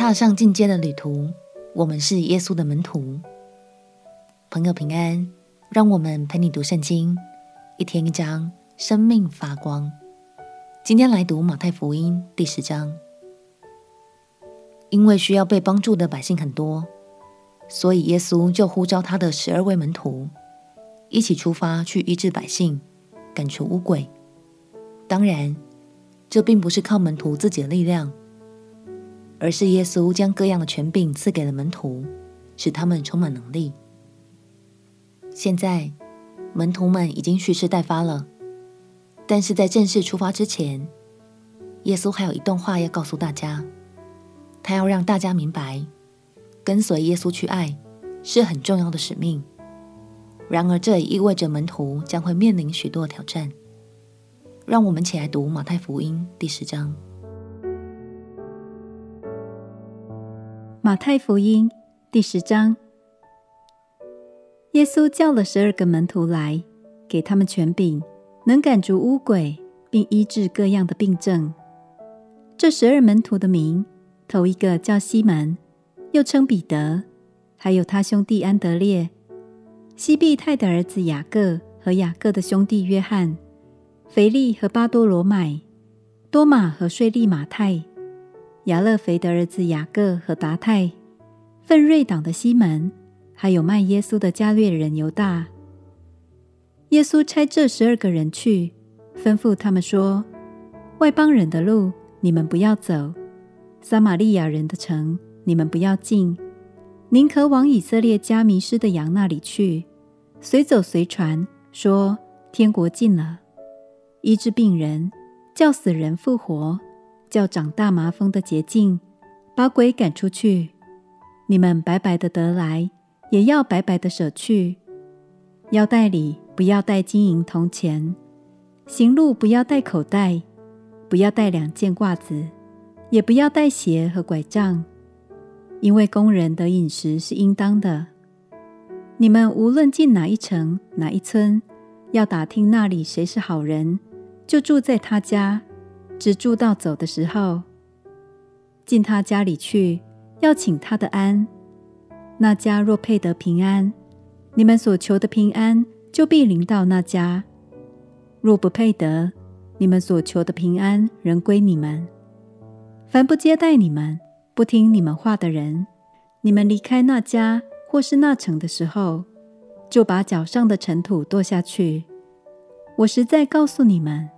踏上進階的旅途，我們是耶穌的門徒。朋友平安，讓我們陪你讀聖經，一天一章，生命發光。今天來讀馬太福音第十章，因為需要被幫助的百姓很多，所以耶穌就呼召他的十二位門徒，一起出發去醫治百姓，趕除污鬼。當然，這並不是靠門徒自己的力量。而是耶穌將各樣的權柄賜給了門徒，使他們充滿能力。現在，門徒們已經蓄勢待發了，但是在正式出發之前，耶穌還有一段話要告訴大家。他要讓大家明白，跟隨耶穌去愛是很重要的使命。然而，這也意味着門徒將會面臨許多挑戰。讓我們一起來讀馬太福音第十章。馬太福音第十章，耶穌叫了十二個門徒來，給他們權柄，能趕逐汙鬼，並醫治各樣的病症。這十二門徒的名，頭一個叫西門，又稱彼得，還有他兄弟安德烈、西庇太的兒子雅各和雅各的兄弟約翰、腓力和巴多羅買、多馬和稅吏馬太。雅勒腓的兒子雅各和達太，奮銳黨的西門，還有賣耶穌的加略人猶大，耶穌差這十二個人去，吩咐他們說：“外邦人的路你們不要走，撒瑪利亞人的城你們不要進，寧可往以色列家迷失的羊那裡去，隨走隨傳，說天國近了，醫治病人，叫死人復活。”叫長大麻風的潔淨，把鬼趕出去。你們白白的得來，也要白白的舍去。腰帶裡不要帶金銀銅錢，行路不要帶口袋，不要帶兩件褂子，也不要帶鞋和拐杖，因為工人的飲食是應當的。你們無論進哪一城、哪一村，要打聽那裡誰是好人，就住在他家。直住到走的時候，進他家裡去，要請他的安。那家若配得平安，你們所求的平安就必臨到那家；若不配得，你們所求的平安仍歸你們。凡不接待你們、不聽你們話的人，你們離開那家或是那城的時候，就把腳上的塵土跺下去。我實在告訴你們，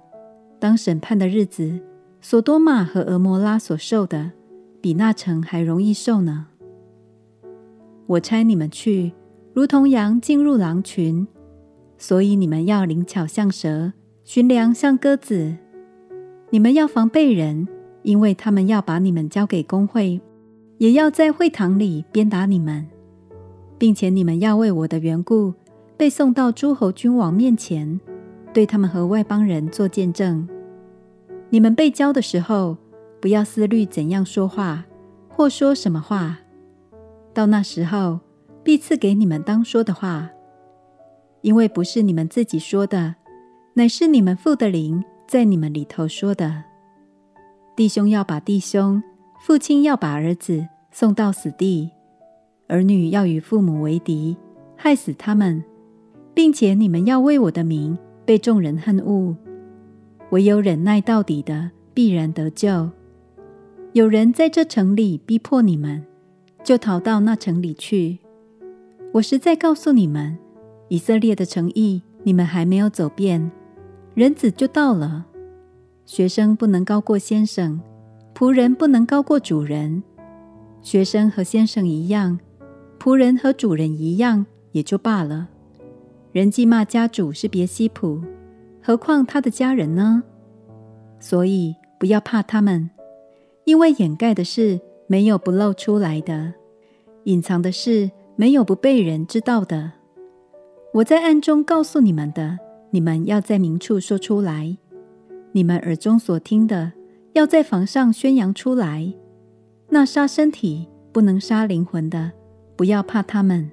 當審判的日子，所多瑪和俄摩拉所受的，比那城還容易受呢。我差你們去，如同羊進入狼群，所以你們要靈巧像蛇，馴良像鴿子。你們要防備人，因為他們要把你們交給公會，也要在會堂裡鞭打你們，並且你們要為我的緣故，被送到諸侯君王面前，對他們和外邦人做見證。你們被交的時候，不要思慮怎樣說話或說什麼話，到那時候必賜給你們當說的話，因為不是你們自己說的，乃是你們父的靈在你們裡頭說的。弟兄要把弟兄，父親要把兒子送到死地，兒女要與父母為敵，害死他們，並且你們要為我的名被眾人恨惡。唯有忍耐到底的，必然得救。有人在這城裡逼迫你們，就逃到那城裡去。我實在告訴你們，以色列的城邑你們還沒有走遍，人子就到了。學生不能高過先生，僕人不能高過主人。學生和先生一樣，僕人和主人一樣，也就罷了。人既罵家主是別西卜。何況他的家人呢？所以不要怕他們，因為掩蓋的事沒有不露出來的，隱藏的事沒有不被人知道的。我在暗中告訴你們的，你們要在明處說出來；你們耳中所聽的，要在房上宣揚出來。那殺身體不能殺靈魂的，不要怕他們；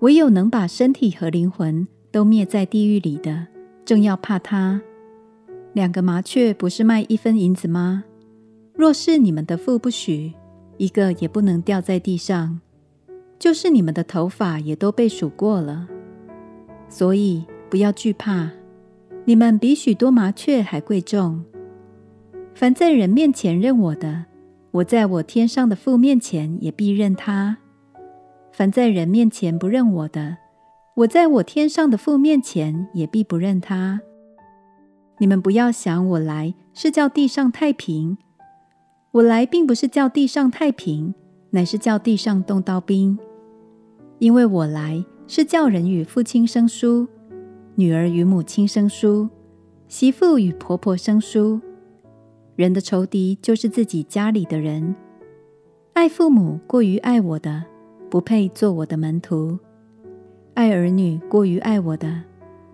唯有能把身體和靈魂都滅在地獄裡的。正要怕他，兩個麻雀不是賣一分銀子嗎？若是你們的父不許，一個也不能掉在地上；就是你們的頭髮也都被數過了。所以不要懼怕，你們比許多麻雀還貴重。凡在人面前認我的，我在我天上的父面前也必認他；凡在人面前不認我的，我在我天上的父面前也必不認他。你們不要想我來是叫地上太平，我來並不是叫地上太平，乃是叫地上動刀兵。因為我來是叫人與父親生疏，女兒與母親生疏，媳婦與婆婆生疏。人的仇敵就是自己家裡的人。愛父母過於愛我的，不配做我的門徒。愛兒女過於愛我的，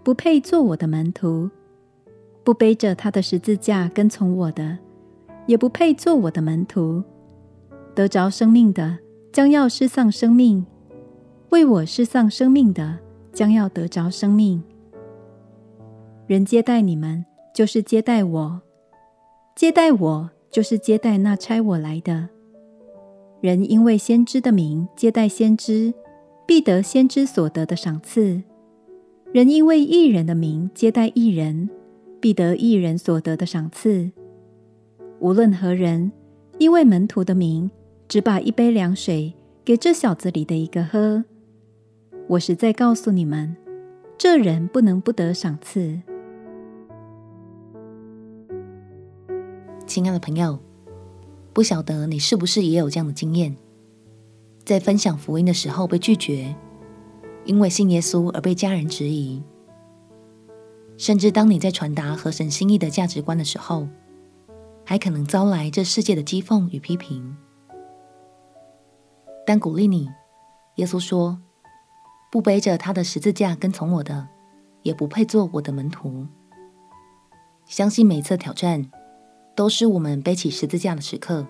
不配做我的門徒；不背着他的十字架跟從我的，也不配做我的門徒。得着生命的，將要失喪生命；為我失喪生命的，將要得着生命。人接待你們，就是接待我；接待我，就是接待那差我來的。人因為先知的名接待先知。必得先知所得的賞賜。人因為義人的名接待義人，必得義人所得的賞賜。無論何人，因為門徒的名，只把一杯涼水給這小子裡的一個喝，我實在告訴你們，這人不能不得賞賜。親愛的朋友，不曉得你是不是也有這樣的經驗？在分享福音的時候被拒絕，因為信耶穌而被家人質疑，甚至當你在傳達合神心意的價值觀的時候，還可能招來這世界的譏諷與批評。但鼓勵你，耶穌說：“不背着他的十字架跟從我的，也不配做我的門徒。”相信每一次的挑戰，都是我們背起十字架的時刻。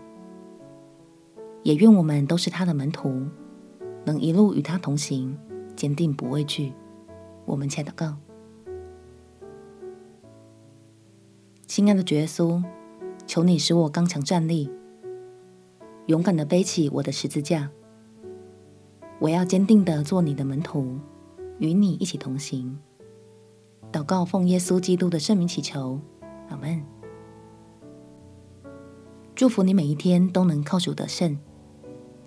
也願我們都是他的門徒，能一路與他同行，堅定不畏懼。我們且禱告：親愛的主耶穌，求你使我剛強站立，勇敢的背起我的十字架。我要堅定的做你的門徒，與你一起同行。禱告奉耶穌基督的聖名祈求，阿門。祝福你每一天都能靠主得勝。